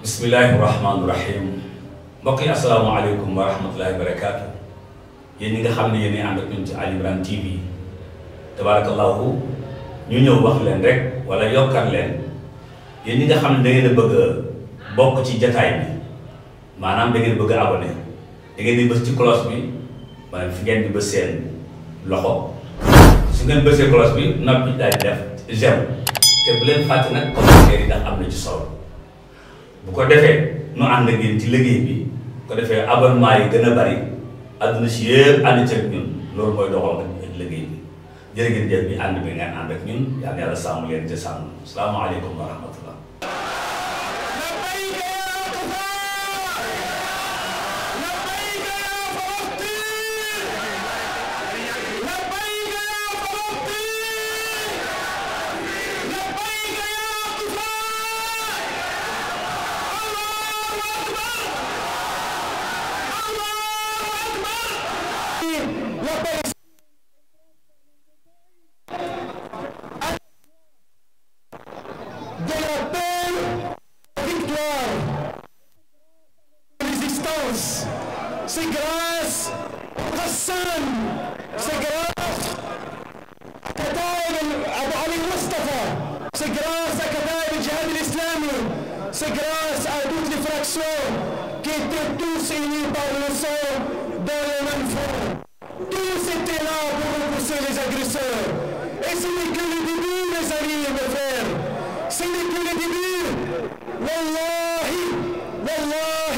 bismillaahi rahmaani rahiim mbokk yi asalaamaaleykum wa rahmatullaahi wa barakaatu yéen ñi nga xam ne yéen ànd ak ci Ali Imran TV tabaarakallaahu ñu ñëw wax leen wala yokkar leen yéen ñi nga xam ne da ngeen bëgg a ci jataay bi maanaam da ngeen bëgg a abonné di bës ci cloche bi maanaam fi ngeen di bës seen loxo su ngeen bësee cloche bi noppi daal di def j'aime te bu leen nag commentaire yi ndax am na ci bu ko defee nu ànd ak yéen ci liggéey bi bu ko defee abonnement yi gën bari àdduna si yëpp ànd ci ak ñun loolu mooy doxal ak liggéey bi jërë ngeen jëf bi ànd bi ngeen ànd ak ñun yàlla yàlla sàmm leen te sàmm salaamaaleykum wa rahmatulah de la paix la victoire. La résistance, c'est grâce à Hassan, c'est grâce à Kataib Ali Mustafa, c'est grâce à Kataib al-Jihad al-Islami, c'est grâce à toutes les fractions qui étaient tous unis par le sang dans le même front. Tous étaient là pour repousser les agresseurs. Et ce n'est que le début, mes amis et mes frères. سيدنا جبريل والله والله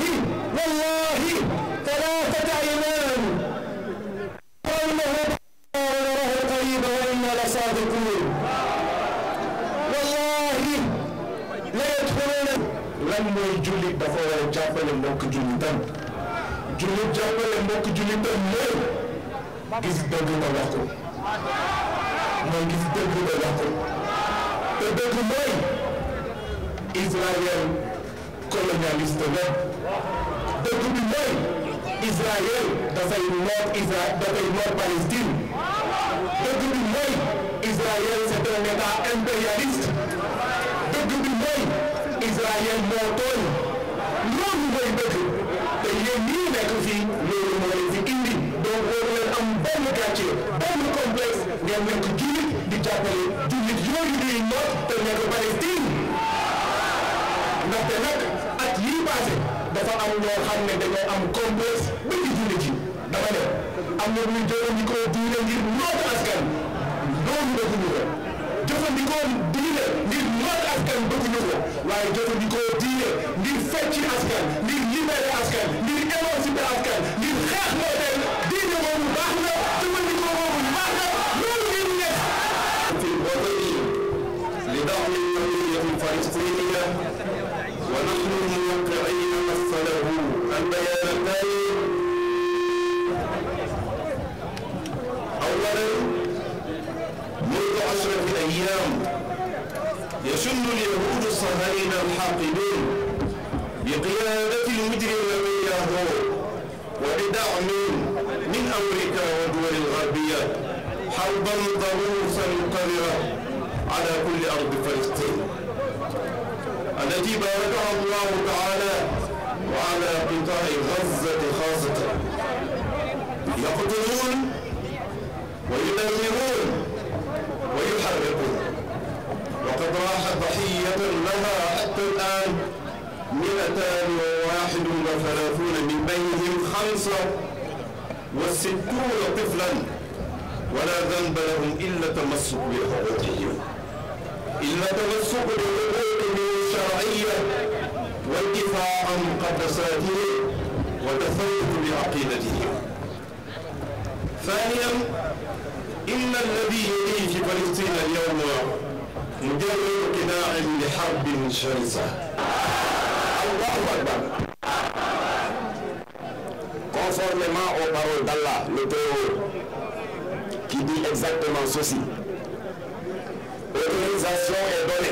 والله ثلاثة أيمان قوله ونراه قريبا وإنا لصادقون والله لا يدخلون lan mooy jullit dafa war a jàppale mbokk jullitam jullit jàppale mbokk jullitam lépp gis dëgg ko mooy gis dëgg ba wax ko te dëkk mooy Israël colonialiste la dëkk bi mooy Israël dafay noot Israël dafay noot Palestine dëkk bi mooy Israël c'est un état impérialiste bi mooy Israël moo tooñ loolu mooy dëkk te yéen ñii nekk indi donc waru am benn gàcce benn complexe ngeen nekk jullit di jàppale nekk Palestine ndaxte nag at yii passé dafa am ñoo xam ne dañoo am complexe bëgg diine ji dama ne am na ñuy jëfandikoo diine ngir noot askan loolu bëgguñu ko jëfandikoo diine ngir noot askan bëgguñu ko waaye jëfandikoo diine ngir fecc askan ngir libéré askan ngir émanciper askan ngir xeex moo teen diine moomu baax na jëfandikoo الفلسطينية ونحن موقعين مثله البيانتين أولا منذ عشرة أيام يشن اليهود الصهاينة الحاقدين بقيادة المجرم نتنياهو وبدعم من أمريكا والدول الغربية حربا ضروسا مقررة على كل أرض فلسطين التي باركها الله تعالى وعلى قطاع غزة خاصة يقتلون وينذرون ويحرقون وقد راح ضحية لها حتى الآن 231 من بينهم 65 طفلا ولا ذنب لهم إلا تمسك بعقوقهم إلا تمسك بعقوقهم الشرعية وانتفاعا مقدساته وتفوق بعقيدته ثانيا إن الذي يليه في فلسطين اليوم مجرد كناع لحرب شرسة الله أكبر conformément aux paroles d'Allah, le Théo, qui dit exactement ceci. L'autorisation est donnée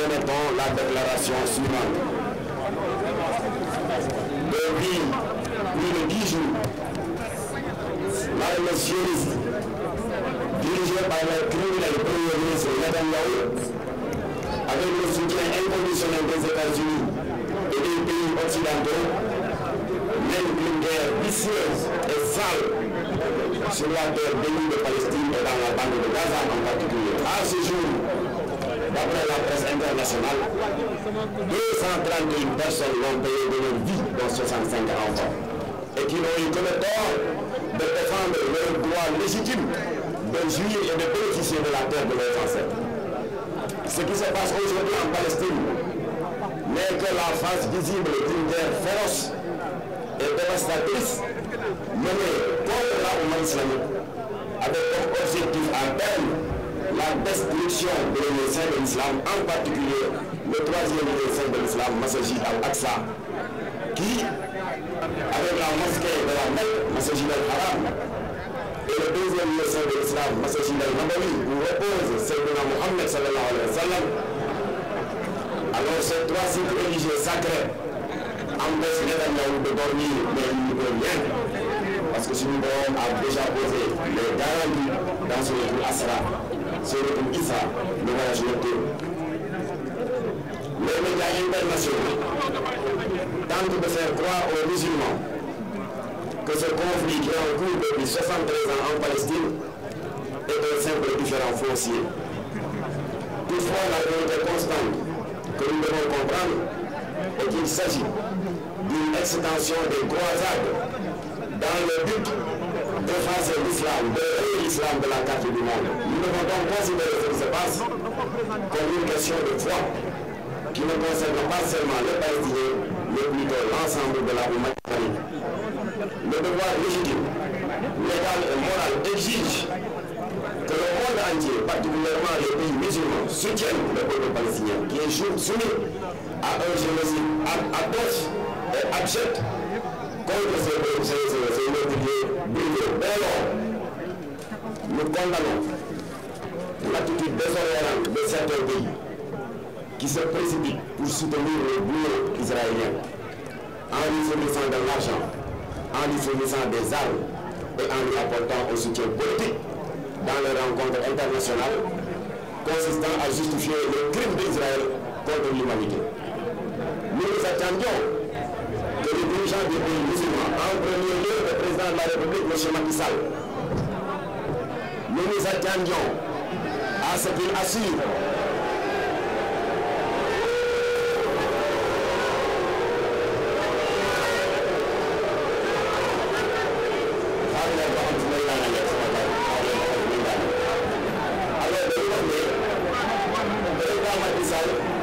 adoptons la déclaration suivante. Depuis plus de dix jours, Madame Monsieur, dirigée par le criminel Premier ministre Netanyahu, avec le soutien inconditionnel des États-Unis et des pays occidentaux, mène une guerre vicieuse et sur la terre bénie de Palestine et dans la bande de Gaza en particulier. À jour, d'après la presse internationale, personnes l'ont payé de leur vie, dont enfants, et qui n'ont eu que le tort de défendre leur droit légitime de jouir et de bénéficier de la terre de leurs ancêtres. Ce qui se passe aujourd'hui en Palestine n'est que la face visible d'une guerre féroce et dévastatrice menée contre la Oumma avec objectif à terme la destruction de l'essai de l'islam, en particulier le troisième essai de l'islam, Masajid al-Aqsa, qui, avec la mosquée de la Mecque, Masajid al-Haram, et le deuxième essai de l'islam, Masajid al-Nabawi, où repose Sayyidina Muhammad sallallahu alayhi wa sallam, alors ces trois sites religieux sacrés empêchent les gens de dormir, ne peuvent rien. Parce que si nous a déjà posé les garanties dans ce livre Asra, Suratul Isra le voyage nocturne les médias internationaux tentent de faire croire aux musulmans que ce conflit qui en cours depuis 73 ans en Palestine est simple différend foncier toutefois la constante que nous devons comprendre est qu'il s'agit d'une extension des croisades dans le but d'effacer l'islam de l'islam de la carte du monde. Nous devons donc considérer ce qui se passe comme de foi qui ne concerne pas seulement les Palestiniens, mais plutôt l'ensemble de la humanité. Le devoir légitime, légal et moral exige que le monde entier, particulièrement les pays musulmans, soutiennent le peuple palestinien qui est soumis à un génocide atroce et abject contre ces peuples, ces meurtriers brutaux. nous condamnons l'attitude désolérante de certains pays qui se précipitent pour soutenir le bourreau israélien en lui fournissant l'argent, en lui des armes et en lui apportant un politique dans les rencontres internationales consistant à justifier le crime d'Israël contre l'humanité. Nous nous attendions que les dirigeants des pays musulmans, en premier lieu le président de la République, M. Macky ministre Diagne Diaw à ce qu'il assure alors dañu wax ne président Macky Sall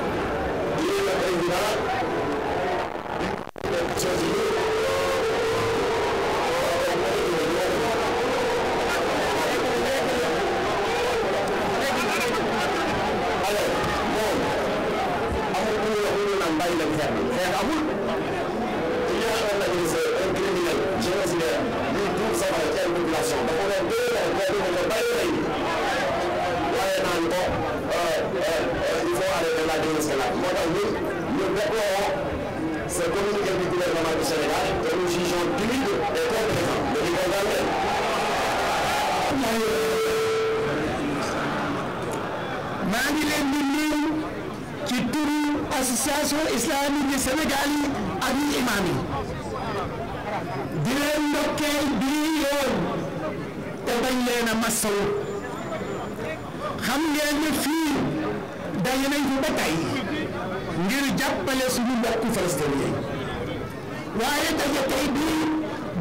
ñuy tuut safara ci ay population dafa ko dégg nga bàyyi nañu waaye naan ko il faut arrêter la délescalade moo tax ñun ñu déplorons ce communiqué du gouvernement du Sénégal que nous jugeons timide et complaisant de ñu ko leen di nuyu ci turu association islamique du Sénégal yi di leen ndokkeel bii te bañ leen xam ngeen ne fii daje nañ fi ba tey ngir jàppale suñu mbokku palestinien waaye daje tey bii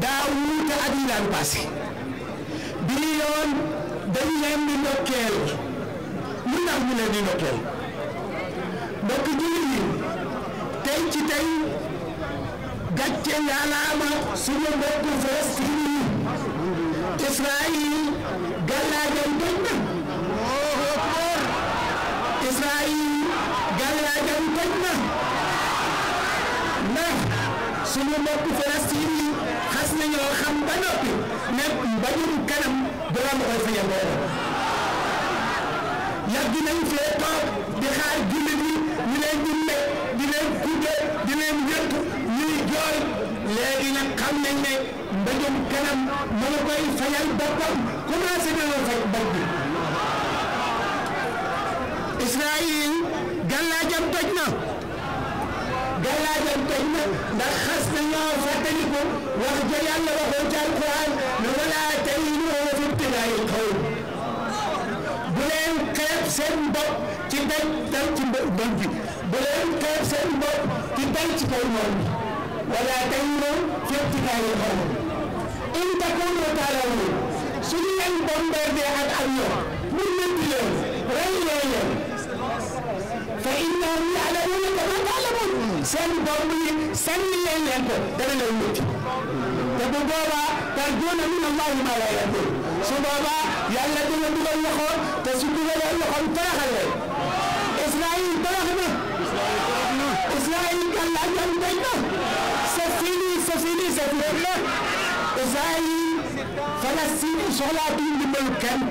daa wuute ak yi daan passé bii yoon dañ leen di ndokkeel lu tax ñu leen di ndokkeel mbokk jullit yi tey ci tey. gàcce ngaalaama suñu mbokku Palestine yi Israël gàllaajam toj na Israël gàllaajam toj na ndax suñu mbokku Palestine yi xas nañoo xam ba noppi ne mbañum kanam balaa ma koy fayal lool yàgg nañ fee toog di xaar jullit yi ñu leen di nekk di leen kuddee lool léegi nag xam nañ ne mbëjum kanam ma la koy fayal boppam commencé na la fay bor bi Israël gàllaajam toj na gàllaajam toj na ndax xas na ñoo fàttaliku wax ja yàlla waxoon ci alquran ne wala tahinu fi ibtilaa'il qawm bu leen xeeb seen bopp ci daj dal ci mbon bi bu leen xeeb seen bopp ci dal ci kaw noonu wala tahinoo fi ibtighaa'ikum in takuunuu ta'lamuun su ñu leen bombardé ak avion pour métti leen rey leen fa innahum ya'lamuuna kamaa ta'lamuun seen bomb yi sànni leen leen ko dana leen métti te bu boobaa tarjuuna min Allaahi maa laa yarjuun su boobaa yàlla dina dugal loxo te su dugalee loxoom toroxal leen Israaïl torox na Israaïl yàlla jëm tey na wala si soxlaatuñu ndimbalu kenn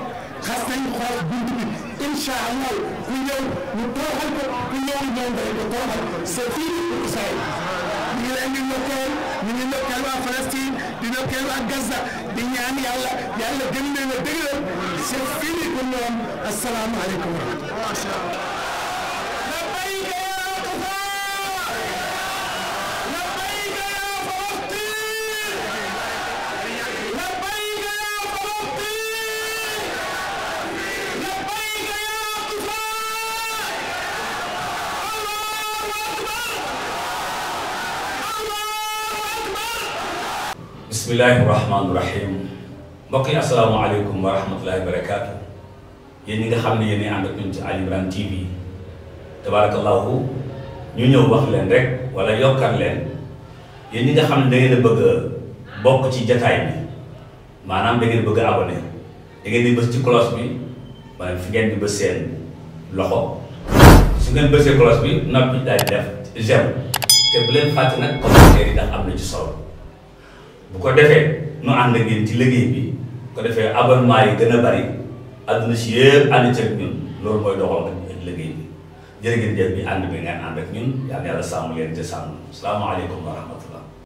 xas nañ xool bunt bi incha allah ku ñëw ñu tooxal ko ku ñëw ñoom dañ ko tooxal c'est fini pour Israël ñu ngi leen di ndokkeel ñu ngi ndokkeel waa Palestine di ndokkeel waa Gaza di ñaan yàlla yàlla gën leen a dëgëral c'est fini pour ñoom asalaamaaleykum wa rahmatulah bismillahi rahmaani rahim mbokk yi wa rahmatullahi barakaatu yéen ñi nga xam ne yéen a ànd ak Imran TV tabarakallahu ñu ñëw leen rek wala yokkar leen yéen ñi nga xam ne da ngeen a bëgg a bokk ci jataay bi maanaam da ngeen bëgg a abonné da ngeen di bës ci cloche bi maanaam fi ngeen di loxo su ngeen bësee cloche bi noppi daal di def j'aime te bu leen fàtte nag commentaire yi ndax am na bu ko defee nu ànd ak yéen ci liggéey bi bu ko defee abonnement yi gën bari àdduna si yëpp ànd ceeg ñun loolu mooy doxal ak liggéey bi jërë ngeen jëf bi ànd bi ngeen ànd ak ñun yàlla yàlla sàmm leen ca sàmm salaamaaleykum wa rahmatullah